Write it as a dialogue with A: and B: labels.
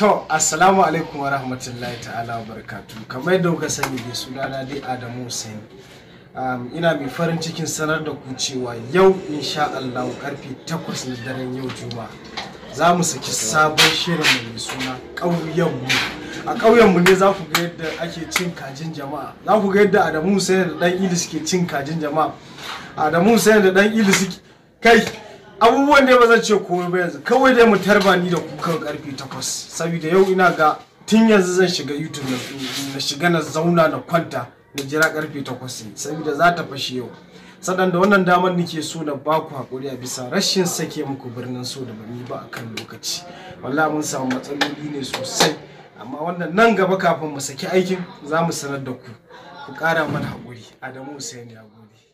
A: To, assalamu alaikum wa rahmatullahi ta'ala wa barakatu. Kamar yadda kuka sani da sunana dai Adamu Hussein. Um, ina mai farin cikin sanar da ku cewa yau insha Allah karfe 8 na daren yau juma Za mu saki sabon shirin mai suna ƙauyen mu. A ƙauyen mu ne za ku ga yadda ake cin kajin jama'a. Za ku ga yadda Adamu Hussein da Dan Ilis ke cin kajin jama'a. Adamu Hussein da Dan Ilis kai abubuwan da ba zan ce komai ba yanzu kawai dai mu tarba ni da kukan karfe takwas saboda yau ina ga tun yanzu zan shiga youtube na shiga na zauna na kwanta na jira karfe takwas ne saboda za ta fashe yau sadan da wannan damar nake so na ba ku hakuri a bisa rashin sake muku birnin so da bani ba akan lokaci wallahi mun samu matsaloli ne sosai amma wannan nan gaba kafin mu saki aikin za mu sanar da ku ku kara mana hakuri adamu ne ya gode